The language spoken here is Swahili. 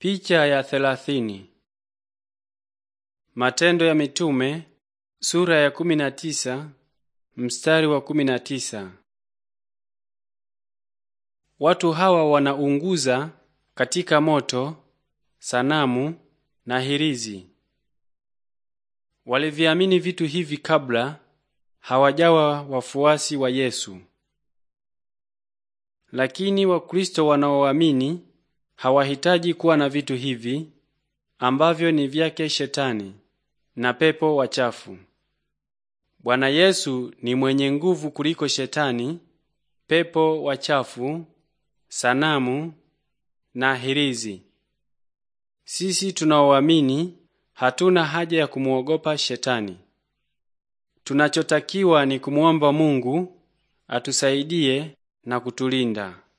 Picha ya thelathini. Matendo ya Mitume sura ya kumi na tisa mstari wa kumi na tisa. Watu hawa wanaunguza katika moto sanamu na hirizi. Waliviamini vitu hivi kabla hawajawa wafuasi wa Yesu, lakini Wakristo wanaoamini wa Hawahitaji kuwa na vitu hivi ambavyo ni vyake shetani na pepo wachafu. Bwana Yesu ni mwenye nguvu kuliko shetani, pepo wachafu, sanamu na hirizi. Sisi tunaoamini hatuna haja ya kumwogopa shetani. Tunachotakiwa ni kumwomba Mungu atusaidie na kutulinda.